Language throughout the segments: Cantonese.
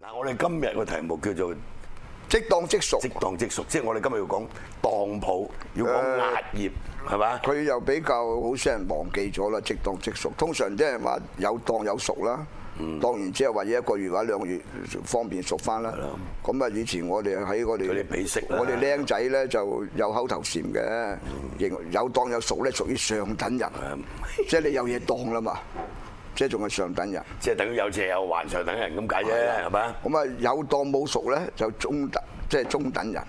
嗱，我哋今日個題目叫做即當即熟，即當即熟，即係我哋今日要講當鋪，要講押業，係嘛？佢又比較好少人忘記咗啦。即當即熟，通常啲人話有當有熟啦，當完之後或者一個月或者兩個月方便贖翻啦。咁啊，以前我哋喺我哋，食，我哋僆仔咧就有口頭禪嘅。嗯、有當有熟咧屬於上等人，嗯、即係你有嘢當啦嘛。即係仲係上等人，即係等於有借有還上等人咁解啫，係咪啊？咁啊有當冇熟咧就中等，即係中等人；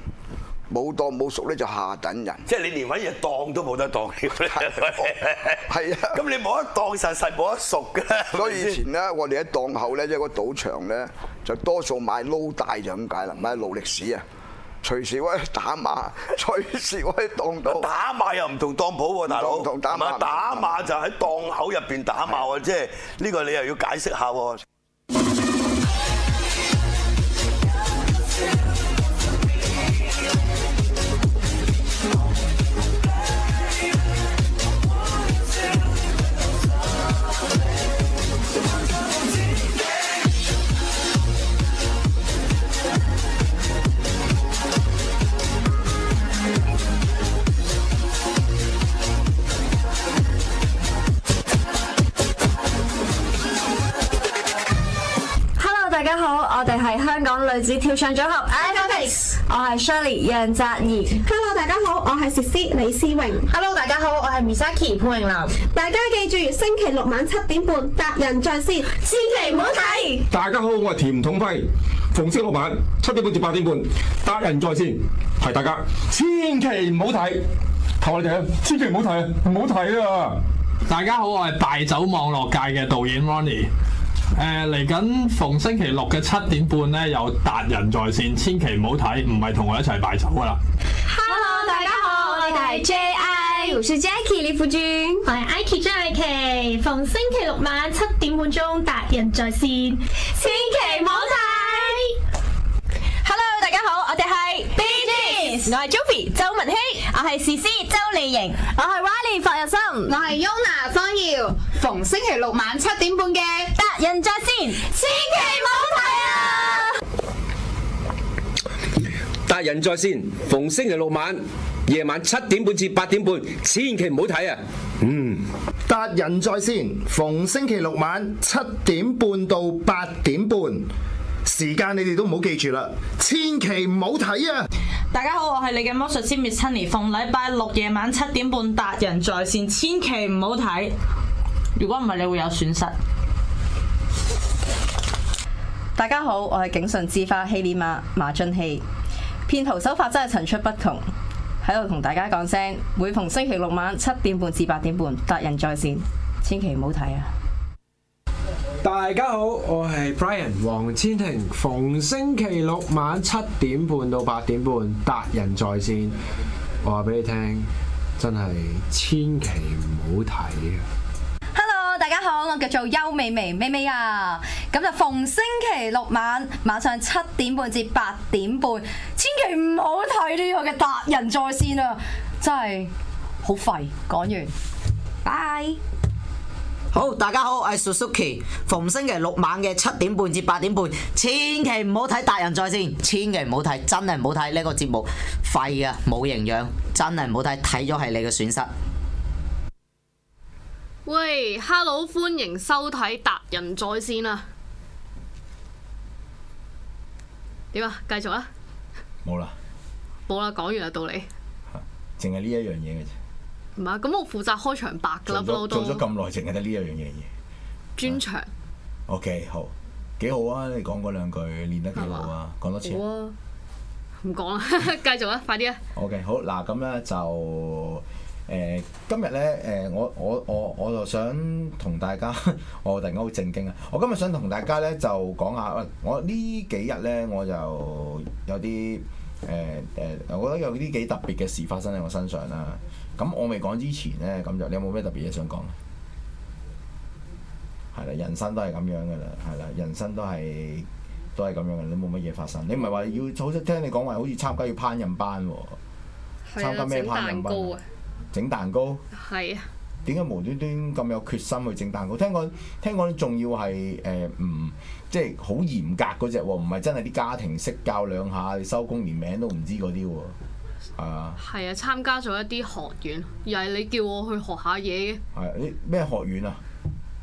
冇當冇熟咧就下等人。即係你連揾嘢當都冇得當嘅，係 啊！咁 你冇得當曬，實冇得熟㗎。所以以前咧，我哋喺檔口咧，即係個賭場咧，就多數買撈帶就咁解啦，買勞力士啊。隨時可以打馬，隨時可以當到。打馬又唔同當鋪喎，大佬唔同打馬。打馬就喺檔口入邊打馬喎，即係呢個你又要解釋下喎。大家好，我哋係香港女子跳唱組合，I Love got X，我係 Shelly 楊澤儀。Hello，大家好，我係詩詩李思穎。Hello，大家好，我係 Misaki 潘穎南。大家記住，星期六晚七點半，達人在線，千祈唔好睇。 大家好，我係甜筒輝，紅星老闆，七點半至八點半，達人在線，係大家，千祈唔好睇，頭你哋啊，千祈唔好睇，唔好睇啊！大家好，我係大走網絡界嘅導演 Ronnie 誒，嚟緊、呃、逢星期六嘅七點半咧，有達仁在線，千祈唔好睇，唔係同我一齊擺酒噶啦。Hello，大家好，我係大 Ji，我是 Jackie 李富君，我係 Ike 張亞琪，逢星期六晚七點半鐘達仁在線，我係 Joey 周文希，我係思思周麗瑩，我係 r a l e y 霍日森；我係 Yona 方耀。逢星期六晚七點半嘅《達仁在線》，千祈唔好睇啊！《達仁在線》逢星期六晚夜晚七點半至八點半，千祈唔好睇啊！嗯，《達仁在線》逢星期六晚七點半到八點半。時間你哋都唔好記住啦，千祈唔好睇啊！大家好，我係你嘅魔術師 Miss t u n n y 逢禮拜六夜晚七點半達人在線，千祈唔好睇，如果唔係你會有損失。大家好，我係警訊之化希里瑪馬俊熙，騙徒手法真係層出不窮，喺度同大家講聲，每逢星期六晚七點半至八點半達人在線，千祈唔好睇啊！大家好，我係 Brian 黃千婷。逢星期六晚七點半到八點半達仁在線，我話俾你聽，真係千祈唔好睇啊！Hello，大家好，我叫做邱美眉美美，美美啊，咁就逢星期六晚晚上七點半至八點半，千祈唔好睇呢個嘅達仁在線啊，真係好廢，講完，拜拜好，大家好，我係 Suki。逢星期六晚嘅七點半至八點半，千祈唔好睇達仁在線，千祈唔好睇，真係唔好睇呢個節目，廢嘅，冇營養，真係唔好睇，睇咗係你嘅損失。喂，Hello，歡迎收睇達仁在線啊。點啊？繼續啊？冇啦。冇啦，講完啦，到你。淨係呢一樣嘢嘅啫。咁我負責開場白㗎啦，做咗咁耐，淨係得呢一樣嘢嘢專長。啊、OK，好，幾好啊！你講嗰兩句練得幾好啊？講吧多次、啊。唔講啦， 繼續啊！快啲啊！O K，好嗱，咁咧就誒、呃、今日咧誒我我我我就想同大家，我突然間好正經啊！我今日想同大家咧就講下，我呢幾日咧我就有啲誒誒，我覺得有啲幾特別嘅事發生喺我身上啦。咁、嗯、我未講之前呢，咁就你有冇咩特別嘢想講？係啦，人生都係咁樣噶啦，係啦，人生都係都係咁樣嘅，你冇乜嘢發生。你唔係話要，好似聽你講話，好似參加要烹飪班喎、啊？的參加咩烹飪班、啊？整蛋、啊、蛋糕？係啊的。點解無端端咁有決心去整蛋糕？聽講聽講，仲要係誒唔即係好嚴格嗰隻喎？唔係真係啲家庭式教兩下，你收工連名都唔知嗰啲喎？係啊，係啊，參加咗一啲學院，又係你叫我去學下嘢嘅。係啊，咩學院啊？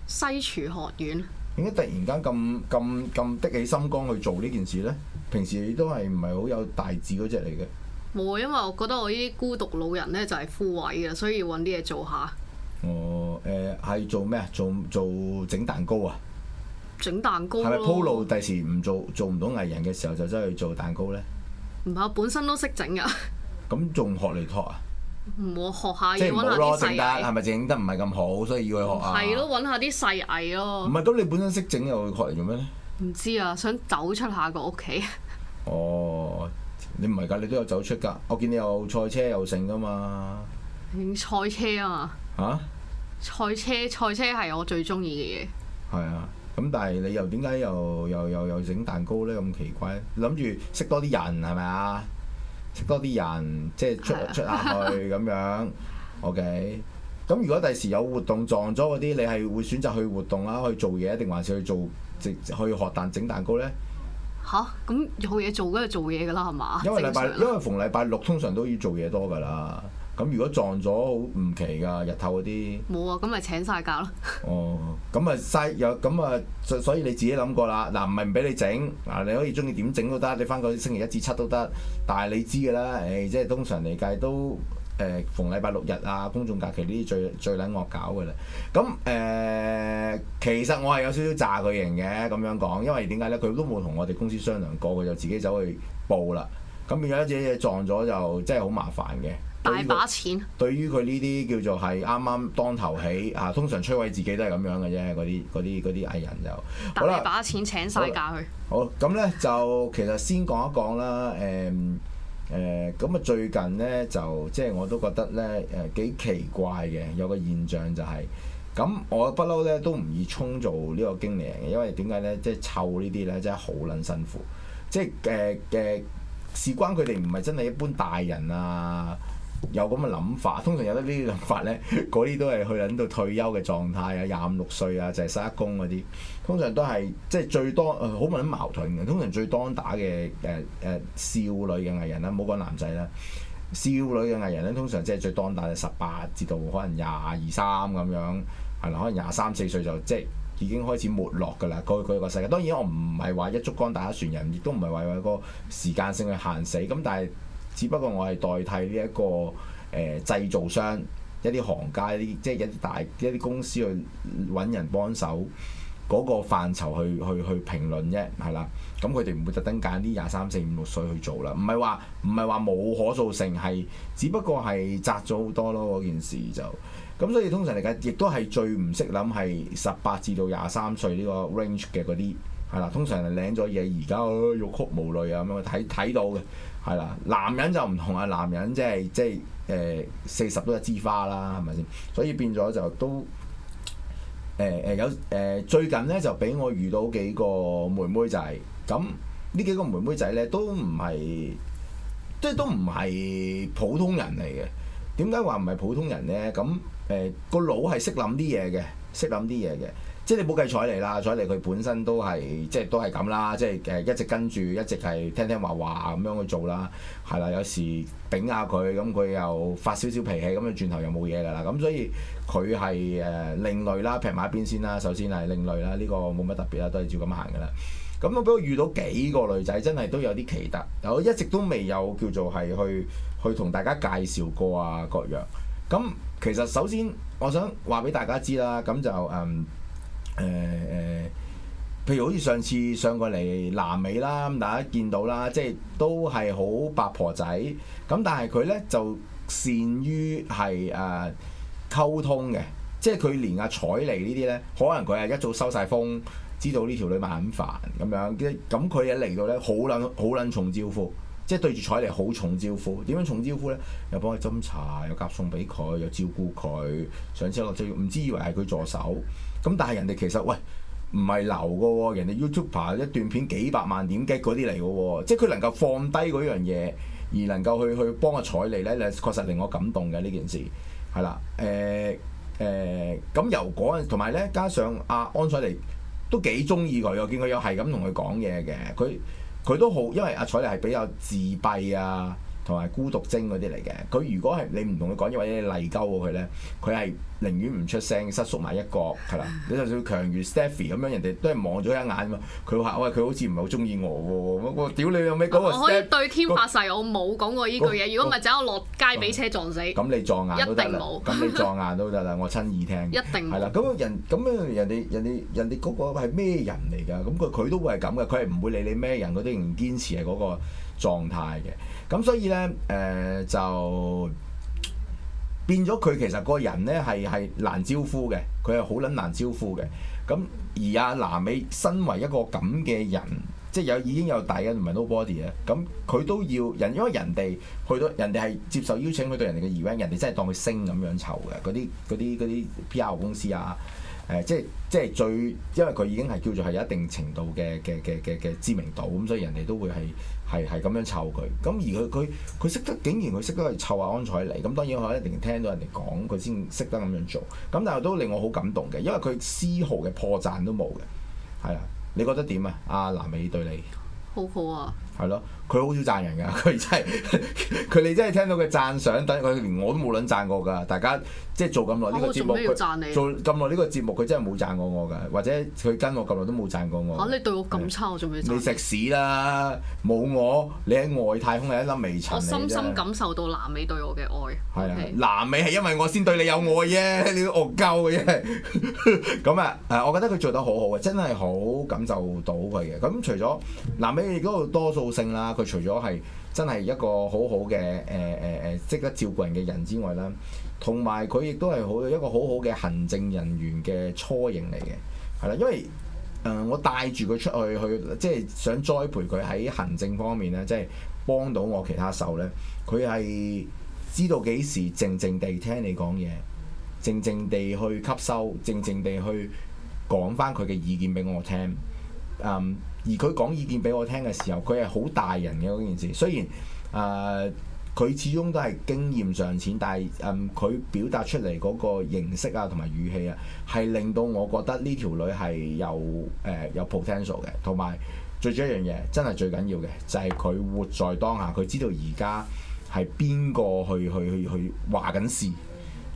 西廚學院。點解突然間咁咁咁的起心肝去做呢件事咧？平時你都係唔係好有大志嗰隻嚟嘅？冇啊、哦，因為我覺得我呢啲孤獨老人咧就係枯萎啊，所以要搵啲嘢做下。哦，誒、呃、係做咩啊？做做整蛋糕啊？整蛋糕。係咪鋪路？第時唔做做唔到藝人嘅時候，就真係去做蛋糕咧？唔係、啊，我本身都識整噶。咁仲學嚟託啊？唔好學下，即係唔好咯。整得係咪整得唔係咁好，所以要去學下。係咯，揾下啲細藝咯。唔係，咁你本身識整又去學嚟做咩咧？唔知啊，想走出下個屋企。哦，你唔係㗎，你都有走出㗎。我見你有賽車又勝㗎嘛。整賽車啊嘛。嚇、啊！賽車賽車係我最中意嘅嘢。係啊，咁但係你又點解又，又又又又整蛋糕咧？咁奇怪，諗住識多啲人係咪啊？是識多啲人，即係出出下去咁 樣，OK。咁如果第時有活動撞咗嗰啲，你係會選擇去活動啦，去做嘢，定還是去做直去學蛋整蛋糕呢？吓？咁有嘢做梗係做嘢㗎啦，係嘛？因為禮拜因為逢禮拜六通常都要做嘢多㗎啦。咁如果撞咗好唔奇㗎，日頭嗰啲，冇啊，咁咪請晒假咯。 哦，咁啊晒，又咁啊，所以你自己諗過啦。嗱，唔係唔俾你整嗱，你可以中意點整都得，你翻個星期一至七都得。但係你知㗎啦，誒、哎、即係通常嚟計都誒、呃、逢禮拜六日啊、公眾假期呢啲最最撚惡搞㗎啦。咁誒、呃、其實我係有少少炸佢型嘅咁樣講，因為點解咧？佢都冇同我哋公司商量過，佢就自己走去報啦。咁而家一隻嘢撞咗就真係好麻煩嘅。大把錢，對於佢呢啲叫做係啱啱當頭起啊，通常摧毀自己都係咁樣嘅啫。嗰啲啲啲藝人就好啦，大把錢請晒假去。好咁咧，就其實先講一講啦。誒、嗯、誒，咁、嗯、啊、嗯、最近咧就即係我都覺得咧誒幾奇怪嘅，有個現象就係咁，我呢不嬲咧都唔易充做呢個經理人嘅，因為點解咧？即係湊呢啲咧，真係好撚辛苦，即係誒誒，事關佢哋唔係真係一般大人啊。有咁嘅諗法，通常有得呢啲諗法咧，嗰啲都係去緊到退休嘅狀態啊，廿五六歲啊，就係十一公嗰啲，通常都係即係最多好、呃、矛盾嘅。通常最當打嘅誒誒少女嘅藝人啦，冇講男仔啦，少女嘅藝人咧，通常即係最當打係十八至到可能廿二三咁樣，係啦，可能廿三四歲就即係已經開始沒落㗎啦。佢個世界，當然我唔係話一竹篙打一船人，亦都唔係話為個時間性去限死，咁但係。只不過我係代替呢、這、一個誒、呃、製造商一啲行家一啲，即係一啲大一啲公司去揾人幫手嗰、那個範疇去去去評論啫，係啦。咁佢哋唔會特登揀啲廿三四五六歲去做啦，唔係話唔係話冇可塑性，係只不過係窄咗好多咯。嗰件事就咁，所以通常嚟講，亦都係最唔識諗係十八至到廿三歲呢個 range 嘅嗰啲係啦。通常係領咗嘢而家，唉欲哭無淚啊咁樣睇睇到嘅。係啦，男人就唔同啊！男人即係即係誒，四十都一枝花啦，係咪先？所以變咗就都誒誒有誒，最近咧就俾我遇到幾個妹妹仔咁，呢幾個妹妹仔咧都唔係即係都唔係普通人嚟嘅。點解話唔係普通人咧？咁誒個腦係識諗啲嘢嘅，識諗啲嘢嘅。即係你冇計彩嚟啦，彩嚟佢本身都係即係都係咁啦，即係誒一直跟住，一直係聽聽話話咁樣去做啦，係啦。有時頂下佢咁，佢又發少少脾氣，咁啊轉頭又冇嘢㗎啦。咁所以佢係誒另類啦，撇埋一邊先啦。首先係另類啦，呢個冇乜特別啦，都係照咁行㗎啦。咁我不過遇到幾個女仔真係都有啲奇特，我一直都未有叫做係去去同大家介紹過啊各樣。咁其實首先我想話俾大家知啦，咁就誒。嗯誒、呃、譬如好似上次上過嚟南美啦，大家見到啦，即係都係好八婆仔。咁但係佢呢，就善於係誒、呃、溝通嘅，即係佢連阿、啊、彩妮呢啲呢，可能佢係一早收晒風，知道呢條女咪咁煩咁樣。即咁佢一嚟到呢，好撚好撚重招呼，即係對住彩妮好重招呼。點樣重招呼呢？又幫佢斟茶，又夾餸俾佢，又照顧佢。上次我唔知以為係佢助手。咁但係人哋其實喂唔係流嘅喎、哦，人哋 YouTube 拍一段片幾百萬點擊嗰啲嚟嘅喎，即係佢能夠放低嗰樣嘢而能夠去去幫阿采妮咧，確實令我感動嘅呢件事係啦，誒誒，咁、呃呃、由嗰陣同埋咧，加上阿安采妮都幾中意佢，我見佢又係咁同佢講嘢嘅，佢佢都好，因為阿采妮係比較自閉啊。同埋孤獨症嗰啲嚟嘅，佢如果係你唔同佢講嘢，或者你嚟鳩佢咧，佢係寧願唔出聲，瑟縮埋一角，係啦。你就算強如 Stephy 咁樣，人哋都係望咗一眼嘛。佢話：喂，佢好似唔係好中意我喎。我我屌你有咩講啊！我可以對天發誓，我冇講過呢句嘢。如果唔係，等我落街俾車撞死。咁你撞眼都得，咁你撞眼都得啦。我親耳聽，一定係啦。咁啊人，咁啊人哋，人哋，人哋嗰個係咩人嚟㗎？咁佢佢都會係咁嘅，佢係唔會理你咩人，佢都唔堅持係嗰個狀態嘅。咁所以咧，誒、呃、就變咗佢其實個人咧係係難招呼嘅，佢係好撚難招呼嘅。咁而阿南美身為一個咁嘅人，即係有已經有底嘅，唔係 nobody 啊。咁佢都要人，因為人哋去到人哋係接受邀請去對人哋嘅 event，人哋真係當佢星咁樣籌嘅，嗰啲嗰啲嗰啲 PR 公司啊。誒、呃、即係即係最，因為佢已經係叫做係有一定程度嘅嘅嘅嘅嘅知名度，咁、嗯、所以人哋都會係係係咁樣湊佢。咁而佢佢佢識得，竟然佢識得去湊阿安采妮，咁當然我一定聽到人哋講佢先識得咁樣做。咁但係都令我好感動嘅，因為佢絲毫嘅破綻都冇嘅。係啊，你覺得點啊？阿、啊、南美對你好好啊。係咯，佢好少讚人㗎，佢真係佢哋真係聽到佢讚賞，等佢連我都冇卵讚過㗎，大家。即係做咁耐呢個節目，做咁耐呢個節目佢真係冇讚過我㗎，或者佢跟我咁耐都冇讚過我、啊。你對我咁差，的我仲未。未食屎啦！冇我，你喺外太空係一粒微塵。我深深感受到南美對我嘅愛。係的 Okay 南美係因為我先對你有愛啫，你都惡鳩嘅啫。咁啊，誒，我覺得佢做得好好嘅，真係好感受到佢嘅。咁除咗南美嗰度多數性啦，佢除咗係。真係一個好好嘅誒誒誒，識得照顧人嘅人之外啦。同埋佢亦都係好一個好好嘅行政人員嘅雛形嚟嘅，係啦，因為誒、呃、我帶住佢出去去，即係想栽培佢喺行政方面咧，即係幫到我其他手咧。佢係知道幾時靜靜地聽你講嘢，靜靜地去吸收，靜靜地去講返佢嘅意見俾我聽，嗯。而佢講意見俾我聽嘅時候，佢係好大人嘅嗰件事。雖然誒，佢、呃、始終都係經驗尚淺，但係誒佢表達出嚟嗰個形式啊，同埋語氣啊，係令到我覺得呢條女係有誒、呃、有 potential 嘅。同埋最重要一樣嘢，真係最緊要嘅就係、是、佢活在當下，佢知道而家係邊個去去去去話緊事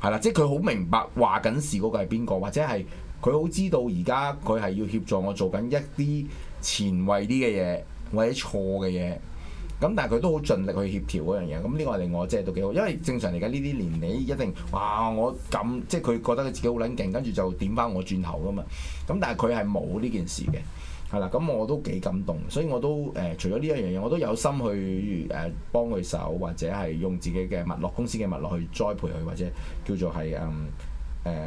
係啦，即係佢好明白話緊事嗰個係邊個，或者係佢好知道而家佢係要協助我做緊一啲。前衛啲嘅嘢，或者錯嘅嘢，咁但係佢都好盡力去協調嗰樣嘢。咁呢個係另外即係都幾好，因為正常嚟講呢啲年紀一定哇，我咁即係佢覺得佢自己好撚勁，跟住就點翻我轉頭噶嘛。咁但係佢係冇呢件事嘅係啦。咁我都幾感動，所以我都誒、呃、除咗呢一樣嘢，我都有心去誒、呃、幫佢手，或者係用自己嘅物樂公司嘅物樂去栽培佢，或者叫做係嗯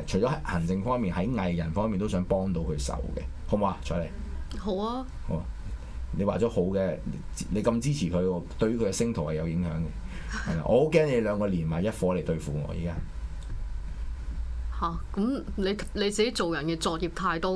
誒除咗喺行政方面喺藝人方面都想幫到佢手嘅，好唔好啊？再嚟。好啊！好啊！你話咗好嘅，你咁支持佢喎，對於佢嘅星途係有影響嘅。 我好驚你兩個連埋一伙嚟對付我，而家吓，咁、嗯、你你自己做人嘅作業太多，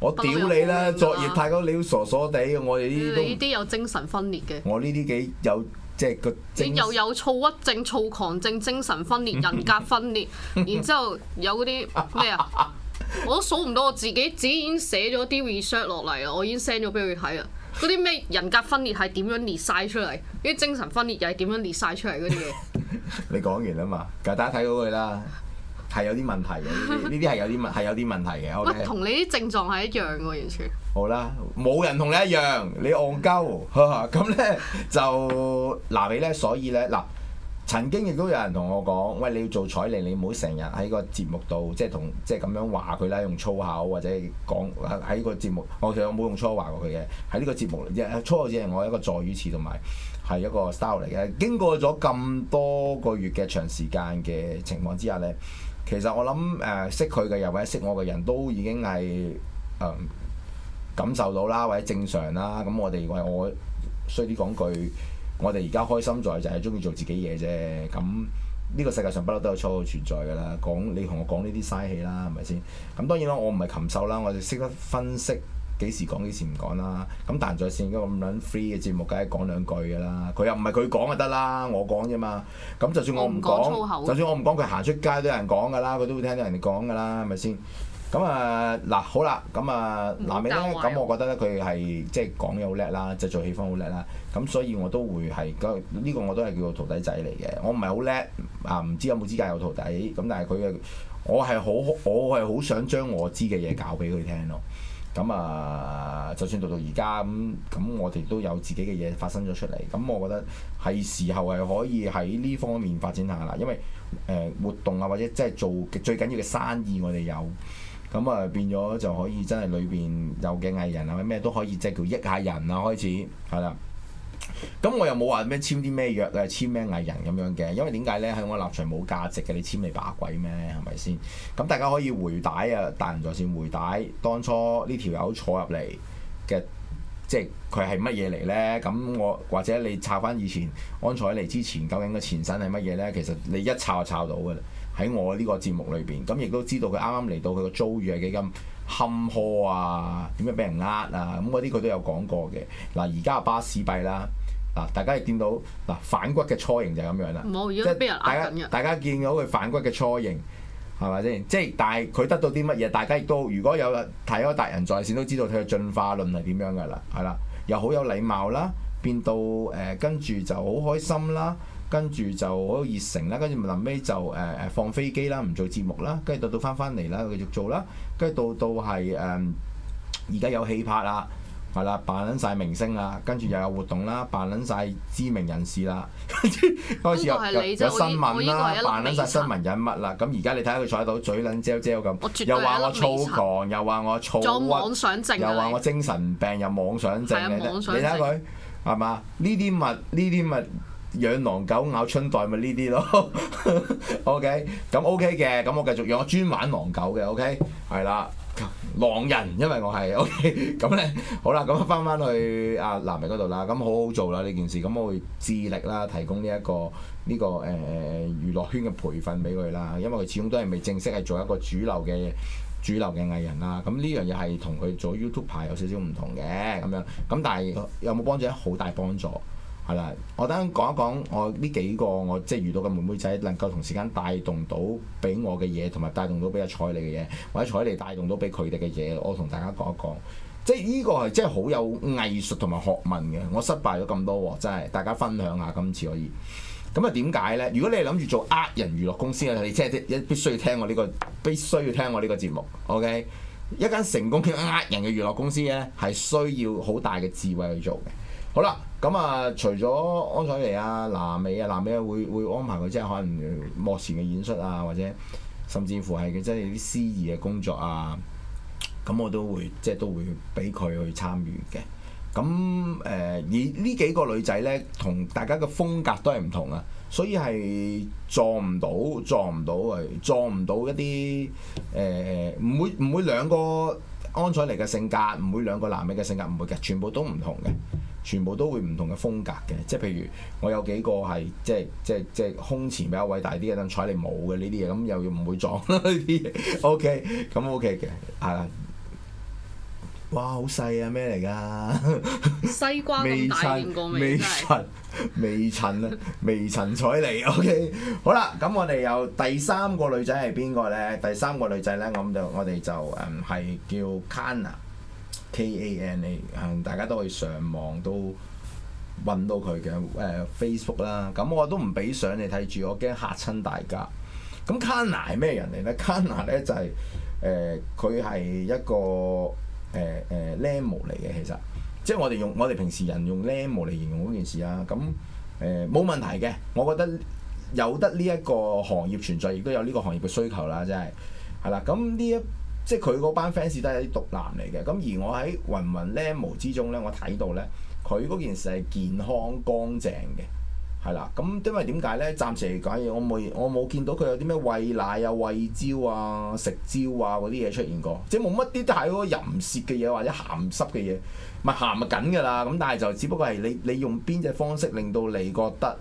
我屌你啦！啊、作業太多，你要傻傻地啊！我哋呢啲呢啲有精神分裂嘅，我呢啲幾有即係、就是、個你又有躁鬱症、躁狂症、精神分裂、人格分裂， 然之後有啲咩啊？ 我都數唔到我自己，自己已經寫咗啲 research 落嚟啦，我已經 send 咗俾佢睇啦。嗰啲咩人格分裂係點樣裂曬出嚟？啲精神分裂又係點樣裂曬出嚟嗰啲嘢？你講完啊嘛，大家睇到佢啦，係有啲問題嘅。呢啲係有啲問係有啲問題嘅。我同你啲症狀係一樣嘅完全。好啦，冇人同你一樣，你戇鳩咁咧就嗱你咧，所以咧嗱。曾經亦都有人同我講，喂，你要做彩鈴，你唔好成日喺個節目度，即係同即係咁樣話佢啦，用粗口或者講喺喺個節目，我其實我冇用粗口話過佢嘅。喺呢個節目，即粗字係我一個助語詞同埋係一個 style 嚟嘅。經過咗咁多個月嘅長時間嘅情況之下呢，其實我諗誒、呃、識佢嘅，又或者識我嘅人都已經係、呃、感受到啦，或者正常啦。咁我哋喂我衰啲講句。我哋而家開心在就係中意做自己嘢啫，咁呢個世界上不嬲都有粗口存在㗎啦。講你同我講呢啲嘥氣啦，係咪先？咁當然啦，我唔係禽獸啦，我哋識得分析幾時講幾時唔講啦。咁達仁在線咁樣 free 嘅節目，梗係講兩句㗎啦。佢又唔係佢講就得啦，我講啫嘛。咁就算我唔講，就算我唔講，佢行出街都有人講㗎啦，佢都會聽到人哋講㗎啦，係咪先？咁啊嗱，好啦，咁啊南美咧，咁但我，我覺得咧佢係即係講嘢好叻啦，製作氣氛好叻啦，咁所以我都會係呢、呢個我都係叫做徒弟仔嚟嘅，我唔係好叻啊，唔知有冇資格有徒弟，咁但係佢嘅我係好我係好想將我知嘅嘢教俾佢聽咯。咁啊，就算到到而家咁，咁我哋都有自己嘅嘢發生咗出嚟，咁我覺得係時候係可以喺呢方面發展下啦，因為誒活動啊或者即係做最緊要嘅生意，我哋有。咁啊變咗就可以真係裏邊有嘅藝人啊、咩都可以即係叫益下人啊，開始係啦。咁我又冇話咩簽啲咩約啊簽咩藝人咁樣嘅，因為點解呢？喺我立場冇價值嘅，你簽你把鬼咩係咪先？咁大家可以回帶啊！達仁在線回帶，當初呢條友坐入嚟嘅，即係佢係乜嘢嚟呢？咁我或者你查返以前安采嚟之前，究竟個前身係乜嘢呢？其實你一查就查到嘅啦。喺我呢個節目裏邊，咁亦都知道佢啱啱嚟到佢嘅遭遇係幾咁坎坷啊？點樣俾人呃啊？咁嗰啲佢都有講過嘅。嗱，而家嘅巴士幣啦，嗱，大家亦見到嗱反骨嘅雛形就係咁樣啦。即係大家大家見到佢反骨嘅雛形係咪先？即係但係佢得到啲乜嘢？大家亦都如果有睇咗《達仁在線》，都知道佢嘅進化論係點樣㗎啦，係啦，又好有禮貌啦，變到誒、呃、跟住就好開心啦。跟住就好熱誠啦，跟住咪臨尾就誒誒、呃、放飛機啦，唔做節目啦，跟住到到翻翻嚟啦，繼續做啦，跟住到到係誒而家有戲拍啦，係啦，扮撚晒明星啦，跟住又有活動啦，扮撚晒知名人士啦， 開始有，有，有，有新聞啦，扮撚晒新聞人物啦，咁而家你睇下佢坐喺度，嘴撚焦焦咁，又話我躁狂，啊、又話我躁，又話我精神病，又妄想症，妄想症你睇下佢係嘛？呢啲物呢啲物。養狼狗咬春袋咪呢啲咯 ，OK，咁 OK 嘅，咁我繼續養我專玩狼狗嘅，OK，係啦，狼人，因為我係 OK，咁咧，好啦，咁返返去阿、啊、南明嗰度啦，咁好好做啦呢件事，咁我會致力啦，提供呢、這、一個呢、這個誒誒、呃、娛樂圈嘅培訓俾佢啦，因為佢始終都係未正式係做一個主流嘅主流嘅藝人啦，咁呢樣嘢係同佢做 YouTuber 有少少唔同嘅咁樣，咁但係有冇幫助？好大幫助。係啦，我等陣講一講我呢幾個我即係遇到嘅妹妹仔能夠同時間帶動到俾我嘅嘢，同埋帶動到俾阿采妮嘅嘢，或者采妮帶動到俾佢哋嘅嘢，我同大家講一講。即係呢個係真係好有藝術同埋學問嘅。我失敗咗咁多喎，真係，大家分享下今次可以。咁啊點解呢？如果你係諗住做呃人娛樂公司咧，你即係必須要聽我呢、呢個，必須要聽我呢個節目。OK，一間成功叫呃人嘅娛樂公司呢，係需要好大嘅智慧去做嘅。好啦，咁、嗯、啊，除咗安采妮啊、南美啊、南美啊，會會安排佢即係可能幕前嘅演出啊，或者甚至乎係嘅即係啲司儀嘅工作啊，咁我都會即係都會俾佢去參與嘅。咁、嗯、誒，而、呃、呢幾個女仔呢，同大家嘅風格都係唔同啊，所以係撞唔到，撞唔到啊，撞唔到一啲誒，唔、呃、會唔會兩個安采妮嘅性格，唔會兩個南美嘅性格，唔會嘅，全部都唔同嘅。全部都會唔同嘅風格嘅，即係譬如我有幾個係即係即係即係胸前比較偉大啲嘅，但采妮冇嘅呢啲嘢，咁又要唔會撞啦呢啲嘢，O K，咁 O K 嘅啊，哇，好細啊，咩嚟㗎？西瓜 未？未曾，未曾啊， 未曾采妮。O K，好啦，咁我哋有第三個女仔係邊個咧？第三個女仔咧，我就我哋就誒係叫 Kana。K A N A, 大家都可以上網都揾到佢嘅誒 Facebook 啦。咁我都唔俾相你睇住，我驚嚇親大家。咁 Kana 係咩人嚟呢？Kana 呢就係誒佢係一個誒誒僆模嚟嘅，其實即係我哋用我哋平時人用 l m 僆模嚟形容嗰件事啊。咁誒冇問題嘅，我覺得有得呢一個行業存在，亦都有呢個行業嘅需求即啦，真係係啦。咁呢一即係佢嗰班 fans 都係啲毒男嚟嘅，咁而我喺雲雲 lemon 之中咧，我睇到咧佢嗰件事係健康乾淨嘅，係啦。咁因為點解咧？暫時嚟講嘢，我冇我冇見到佢有啲咩餵奶啊、餵蕉啊、食蕉啊嗰啲嘢出現過，即係冇乜啲都係嗰個淫褻嘅嘢或者鹹濕嘅嘢。唔係鹹係緊㗎啦，咁但係就只不過係你你用邊隻方式令到你覺得。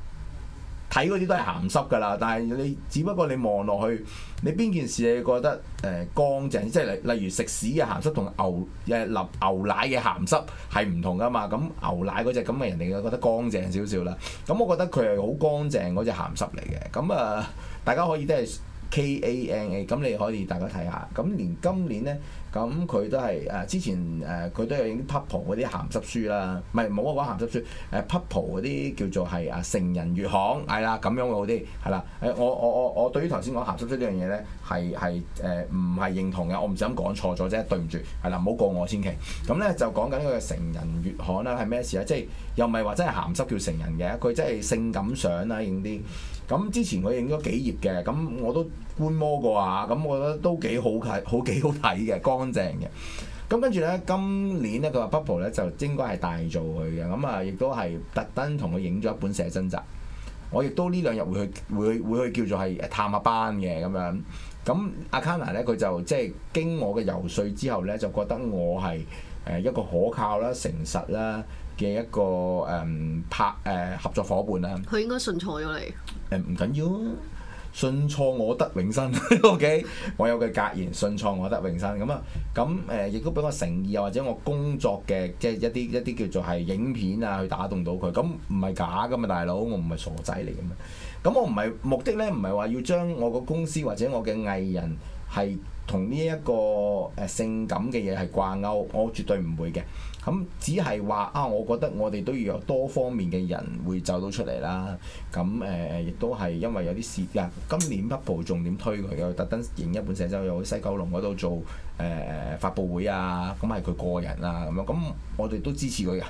睇嗰啲都係鹹濕㗎啦，但係你只不過你望落去，你邊件事你覺得誒、呃、乾淨？即係例例如食屎嘅鹹濕同牛嘅牛、呃、牛奶嘅鹹濕係唔同㗎嘛？咁、嗯、牛奶嗰隻咁嘅人哋覺得乾淨少少啦。咁、嗯、我覺得佢係好乾淨嗰隻鹹濕嚟嘅。咁、嗯、啊、呃，大家可以都係 K A N A，咁你可以大家睇下。咁、嗯、連今年呢。咁佢、嗯、都係誒之前誒佢、呃、都有影啲 puple 嗰啲鹹濕書啦，唔係冇我講鹹濕書誒 puple 嗰啲叫做係啊成人月刊係啦，咁樣會好啲係啦。誒我我我我對於頭先講鹹濕書呢樣嘢咧係係誒唔係認同嘅，我唔想咁講錯咗啫，對唔住係啦，唔好過我千祈咁咧，就講緊呢個成人月刊啦。係咩事咧、啊？即係又唔係話真係鹹濕叫成人嘅，佢真係性感相啦影啲。咁之前我影咗幾頁嘅，咁我都觀摩過啊。咁我覺得都幾好睇，好幾好睇嘅，乾淨嘅。咁跟住咧，今年呢個 bubble 咧就應該係大做佢嘅，咁啊亦都係特登同佢影咗一本寫真集。我亦都呢兩日會去會去會去叫做係探下班嘅咁樣。咁阿 Kana 咧佢就即係、就係、經我嘅游說之後咧，就覺得我係誒一個可靠啦、誠實啦，嘅一個誒、嗯、拍誒、呃、合作伙伴啦，佢應該信錯咗你。誒唔緊要，信錯我得永生 ，OK？我有句格言：信錯我得永生。咁、嗯、啊，咁誒亦都俾我誠意，又或者我工作嘅即係一啲一啲叫做係影片啊，去打動到佢。咁唔係假噶嘛，大佬，我唔係傻仔嚟噶嘛。咁、嗯、我唔係目的咧，唔係話要將我個公司或者我嘅藝人係同呢一個誒性感嘅嘢係掛鈎，我絕對唔會嘅。咁只係話啊，我覺得我哋都要有多方面嘅人會走到出嚟啦。咁誒、呃，亦都係因為有啲事、啊、今年乜部重點推佢又特登影一本寫真，有西九龍嗰度做誒誒、呃、發佈會啊。咁係佢個人啦、啊，咁樣咁我哋都支持佢。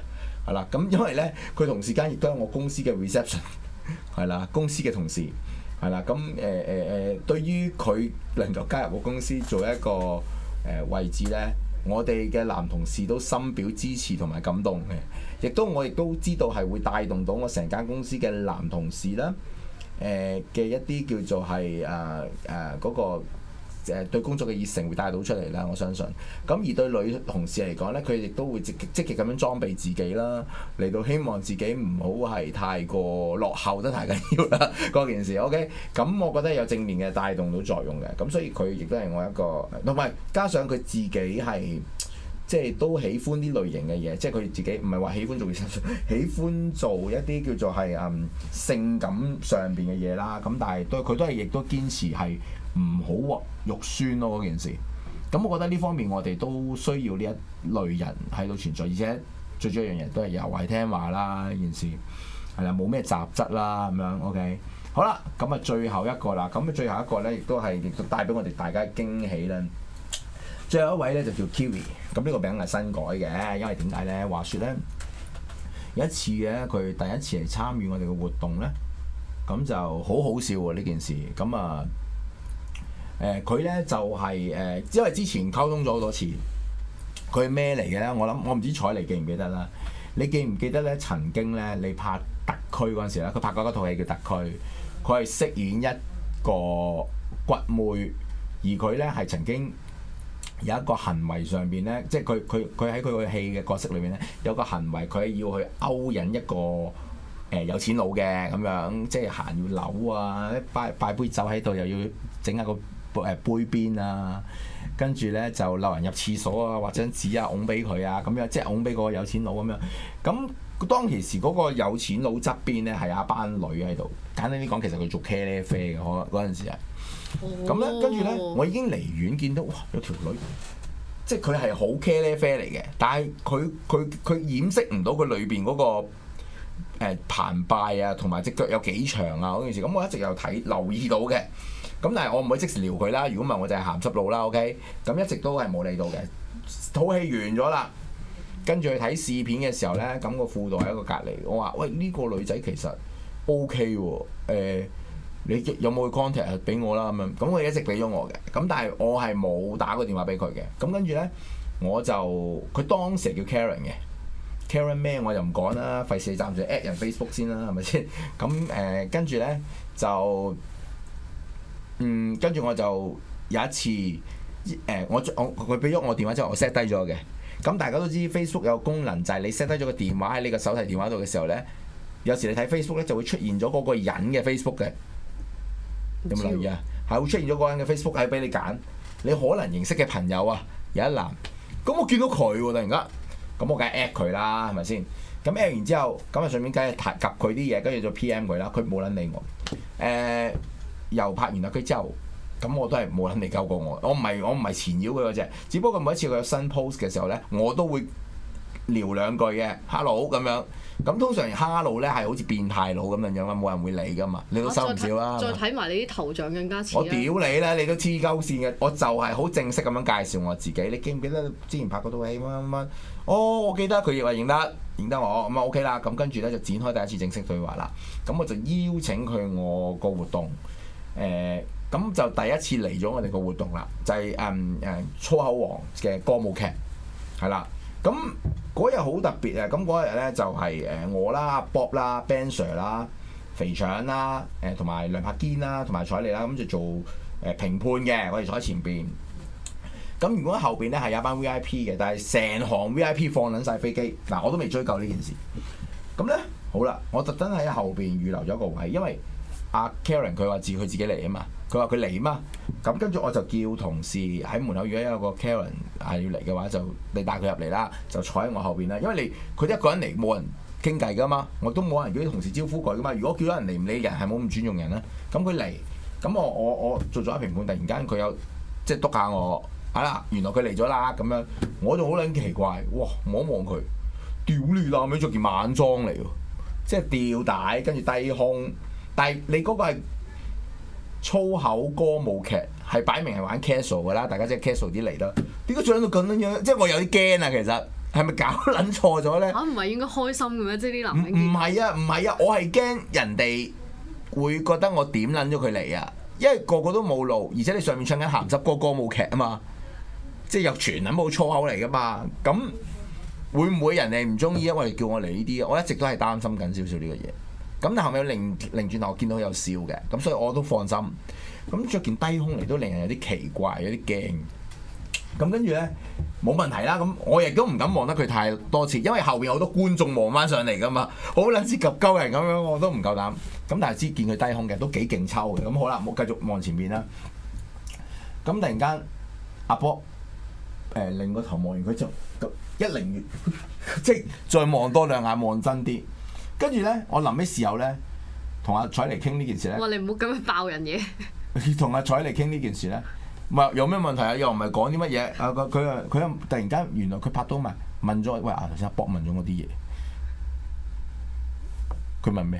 係啦，咁因為呢，佢同時間亦都有我公司嘅 reception，係啦，公司嘅同事，係啦。咁誒誒誒，對於佢能夠加入我公司做一個誒、呃、位置呢。我哋嘅男同事都深表支持同埋感動，嘅，亦都我亦都知道係會帶動到我成間公司嘅男同事啦，誒、呃、嘅一啲叫做係誒誒嗰個，誒對工作嘅熱誠會帶到出嚟啦，我相信。咁而對女同事嚟講呢，佢亦都會積極積極咁樣裝備自己啦，嚟到希望自己唔好係太過落後得太緊要啦。嗰件事，OK。咁我覺得有正面嘅帶動到作用嘅。咁所以佢亦都係我一個，同埋加上佢自己係即係都喜歡啲類型嘅嘢，即係佢自己唔係話喜歡做醫生，喜歡做一啲叫做係、嗯、性感上面嘅嘢啦。咁但係對佢都係亦都堅持係唔好肉酸咯嗰件事，咁、嗯、我覺得呢方面我哋都需要呢一類人喺度存在，而且最主要一樣都係又係聽話啦，件事係啊冇咩雜質啦咁樣，OK，好啦，咁、嗯、啊最後一個啦，咁、嗯、最後一個呢，亦都係帶俾我哋大家驚喜啦，最後一位呢，就叫 Kiwi，咁呢個名係新改嘅，因為點解呢？話説呢，有一次呢、啊，佢第一次嚟參與我哋嘅活動呢，咁、嗯、就好好笑喎、啊、呢件事，咁、嗯、啊～、嗯誒佢咧就係、是、誒、呃，因為之前溝通咗好多次，佢係咩嚟嘅咧？我諗我唔知采妮記唔記得啦。你記唔記得咧？曾經咧，你拍特區嗰陣時咧，佢拍過套戲叫《特區》，佢係飾演一個骨妹，而佢咧係曾經有一個行為上邊咧，即係佢佢佢喺佢個戲嘅角色裏面咧，有個行為，佢係要去勾引一個誒有錢佬嘅咁樣，即係行要樓啊，擺擺杯酒喺度，又要整下個。誒杯邊啊，跟住咧就漏人入廁所啊，或者紙啊，拱俾佢啊，咁樣即係拱俾個有錢佬咁樣。咁當其時嗰個有錢佬側邊咧係一班女喺度，簡單啲講，其實佢做茄哩啡嘅，可嗰陣時係。咁咧，跟住咧，我已經離遠見到哇，有條女，即係佢係好茄哩啡嚟嘅，但係佢佢佢掩飾唔到佢裏邊嗰個誒澎湃啊，同埋隻腳有幾長啊嗰陣時。咁我一直有睇留意到嘅。咁但係我唔會即時撩佢啦，如果唔係我就係鹹濕佬啦，OK？咁一直都係冇理到嘅，套戲完咗啦。跟住去睇試片嘅時候咧，咁、那個副導喺一個隔離，我話：喂，呢、這個女仔其實 OK 喎、欸，你有冇 contact 俾我啦？咁樣，咁佢一直俾咗我嘅。咁但係我係冇打過電話俾佢嘅。咁跟住咧，我就佢當時叫 Karen 嘅，Karen 咩我就唔講啦，費事你站住 at 人 Facebook 先啦，係咪先？咁誒、呃，跟住咧就。嗯，跟住我就有一次，誒、欸，我我佢俾咗我電話之後，我 set 低咗嘅。咁大家都知 Facebook 有功能就係你 set 低咗個電話喺你個手提電話度嘅時候呢，有時你睇 Facebook 呢，就會出現咗嗰個人嘅 Facebook 嘅。有冇留意啊？係會出現咗嗰個人嘅 Facebook 喺俾你揀，你可能認識嘅朋友啊，有一男。咁我見到佢喎、哦、突然間，咁我梗係 at 佢啦，係咪先？咁 at 完之後，咁啊上面梗係提及佢啲嘢，跟住就 PM 佢啦。佢冇撚理我，誒、欸。又拍完啦，佢之後咁我都係冇人嚟救過我。我唔係我唔係纏繞佢嗰個隻，只不過每一次佢有新 post 嘅時候咧，我都會撩兩句嘅 hello 咁樣。咁通常 hello 咧係好似變態佬咁樣樣啦，冇人會理噶嘛。你都收唔少啦。再睇埋你啲頭像更加黐。我屌你咧！你都黐鳩線嘅，我就係好正式咁樣介紹我自己。你記唔記得之前拍嗰套戲乜乜乜？哦，我記得佢又話認得認得我，咁啊、嗯、OK 啦。咁跟住咧就展開第一次正式對話啦。咁我就邀請佢我個活動。誒咁、呃、就第一次嚟咗我哋個活動啦，就係誒誒粗口王嘅歌舞劇，係啦。咁嗰日好特別啊！咁嗰日咧就係、是、誒我啦、Bob 啦、Ben Sir 啦、肥腸啦、誒同埋梁柏堅啦、同埋彩莉啦，咁就做誒、呃、評判嘅，我哋坐喺前邊。咁如果喺後邊咧係有一班 VIP 嘅，但係成行 VIP 放撚晒飛機，嗱、呃、我都未追究呢件事。咁咧好啦，我特登喺後邊預留咗一個位，因為，阿 Karen 佢話：自佢自己嚟啊嘛。佢話佢嚟嘛，咁跟住我就叫同事喺門口，如果有一個 Karen 係要嚟嘅話，就你帶佢入嚟啦，就坐喺我後邊啦。因為你佢一個人嚟冇人傾偈噶嘛，我都冇人叫啲同事招呼佢噶嘛。如果叫咗人嚟唔理人，係冇咁尊重人啦、啊。咁佢嚟咁我我我做咗一評判，突然間佢又即係篤下我係啦。原來佢嚟咗啦咁樣，我就好撚奇怪，哇！望一望佢屌你老味，著件晚裝嚟喎，即係吊帶跟住低胸。但係你嗰個係粗口歌舞劇，係擺明係玩 castle 㗎啦，大家即係 castle 啲嚟啦。點解唱到咁樣樣？即係我有啲驚啊，其實係咪搞撚錯咗咧？我唔係應該開心嘅咩？即係啲男唔唔係啊？唔係啊！我係驚人哋會覺得我點撚咗佢嚟啊！因為個個都冇路，而且你上面唱緊鹹濕歌歌舞劇啊嘛，即係又全撚冇粗口嚟㗎嘛，咁會唔會人哋唔中意啊？我哋叫我嚟呢啲，我一直都係擔心緊少少呢個嘢。咁但後尾有擰擰轉頭，見到有笑嘅，咁所以我都放心。咁着件低胸嚟都令人有啲奇怪、有啲驚。咁跟住咧冇問題啦。咁我亦都唔敢望得佢太多次，因為後邊好多觀眾望翻上嚟噶嘛。好撚似及鳩人咁樣，我都唔夠膽。咁但係知見佢低胸嘅都幾勁抽嘅。咁好啦，冇繼續望前面啦。咁突然間阿波誒、呃，擰個頭望完佢就一零月， 即係再望多兩眼，望真啲。跟住咧，我臨尾時候咧，同阿彩嚟傾呢件事咧。哇，你唔好咁樣爆人嘢。同阿彩嚟傾呢件事咧，唔係有咩問題啊？又唔係講啲乜嘢？阿個佢啊佢啊，突然間原來佢拍到埋問咗，喂啊頭先阿博問咗我啲嘢，佢問咩？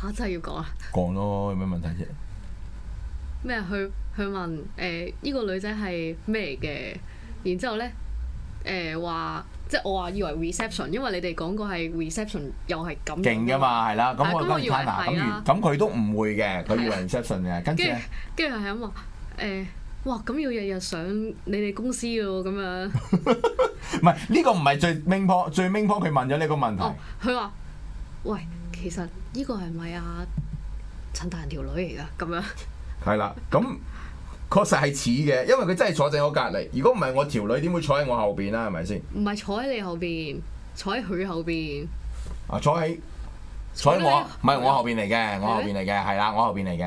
嚇真係要講啊！講咯，有咩問題啫？咩？佢佢問誒呢個女仔係咩嚟嘅？然之後咧誒話。即係我話以為 reception，因為你哋講過係 reception，又係咁勁㗎嘛，係啦。咁我咁 partner 咁完，咁佢都唔會嘅，佢以為 reception 嘅。跟住跟住係咁話誒，哇！咁要日日上你哋公司㗎喎，咁樣。唔係呢個唔係最 main point，最 main point 佢問咗你個問題。哦，佢話：喂，其實呢個係咪阿陳達仁條女嚟㗎？咁樣。係啦，咁。確實係似嘅，因為佢真係坐正我隔籬。如果唔係我條女，點會坐喺我後邊啦？係咪先？唔係坐喺你後邊，坐喺佢後邊。啊，坐喺坐喺我，唔係我後邊嚟嘅，我後邊嚟嘅係啦，我後邊嚟嘅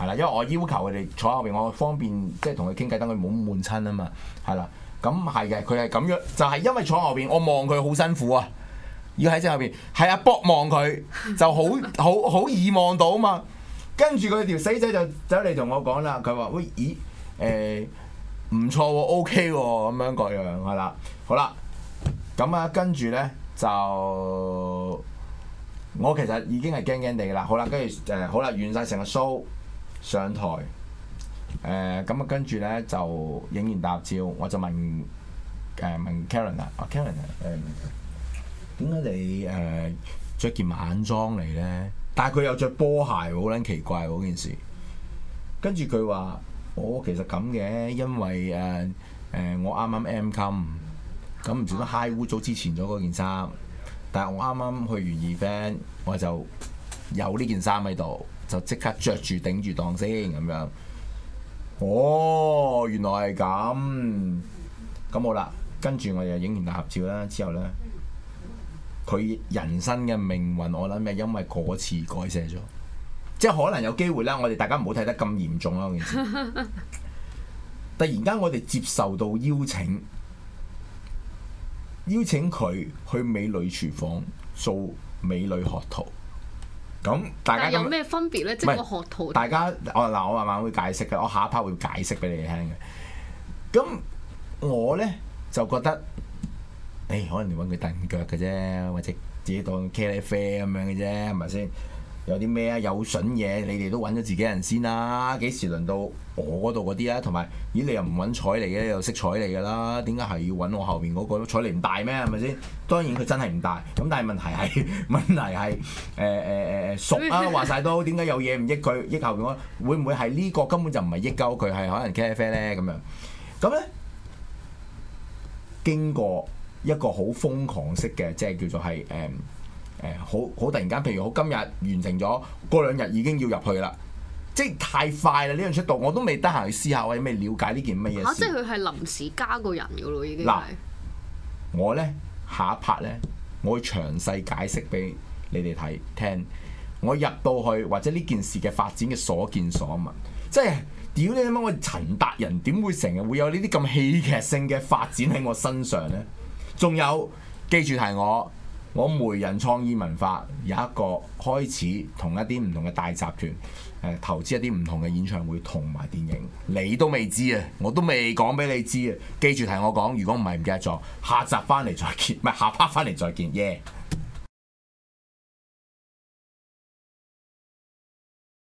係啦，因為我要求佢哋坐喺後邊，我方便即係同佢傾偈，等佢唔好悶親啊嘛。係啦，咁係嘅，佢係咁樣，就係、是、因為坐後邊，我望佢好辛苦啊，要喺車後邊，係啊，博望佢就 好好好，好易望到啊嘛。跟住佢條死仔就走嚟同我講啦，佢話：喂、哎，咦，誒、呃，唔錯喎、哦、OK 喎、哦，咁樣嗰樣係啦，好啦，咁啊跟住咧就我其實已經係驚驚地㗎啦，好啦，跟住誒、呃、好啦，完晒成個 show 上台，誒咁啊跟住咧就影完達照，我就問誒、呃、問啊啊 Karen 啊，啊 Karen 啊，誒點解你誒著、呃、件晚裝嚟咧？但係佢有着波鞋，好撚奇怪喎件事。跟住佢話：我、 哦、其實咁嘅，因為誒誒、呃呃、我啱啱 M 緊，咁唔知得 high 污糟之前咗嗰件衫。但係我啱啱去完 event，我就有呢件衫喺度，就即刻着住頂住檔先咁樣。哦，原來係咁。咁好啦，跟住我又影完大合照啦，之後呢。佢人生嘅命運，我諗係因為嗰次改寫咗，即係可能有機會咧。我哋大家唔好睇得咁嚴重啊！突然間，我哋接受到邀請，邀請佢去美女廚房做美女學徒。咁大家有咩分別呢？唔係即係學徒。大家我嗱，我慢慢會解釋嘅。我下一 part 會解釋俾你聽嘅。咁我呢，就覺得。哎、可能你揾佢蹬腳嘅啫，或者自己當茄喱啡咁樣嘅啫，係咪先？有啲咩啊？有筍嘢，你哋都揾咗自己人先啦，啊。幾時輪到我嗰度嗰啲啊？同埋，咦，你又唔揾彩嚟嘅，你又識彩嚟噶啦？點解係要揾我後面嗰、嗰個？彩嚟唔大咩？係咪先？當然佢真係唔大。咁但係問題係問題係，誒誒誒熟啊！話晒都點解有嘢唔益佢？益後面嗰個會唔會係呢個根本就唔係益鳩佢？係可能茄喱啡咧咁樣。咁咧，經過。一個好瘋狂式嘅，即係叫做係誒誒，好、嗯、好、呃、突然間，譬如我今日完成咗，過兩日已經要入去啦，即係太快啦！呢樣出到我都未得閒去思考，有咩了解呢件乜嘢、啊、即係佢係臨時加個人噶咯，已經。嗱，我呢，下一 part 咧，我會詳細解釋俾你哋睇聽。我入到去或者呢件事嘅發展嘅所見所聞，即係屌你媽！我陳達仁點會成日會有呢啲咁戲劇性嘅發展喺我身上呢？仲有，記住提我，我媒人創意文化有一個開始同一啲唔同嘅大集團，啊，投資一啲唔同嘅演唱會同埋電影，你都未知啊，我都未講俾你知啊，記住提我講，如果唔係唔記得咗，下集翻嚟再見，唔係下 part 翻嚟再見，耶、yeah！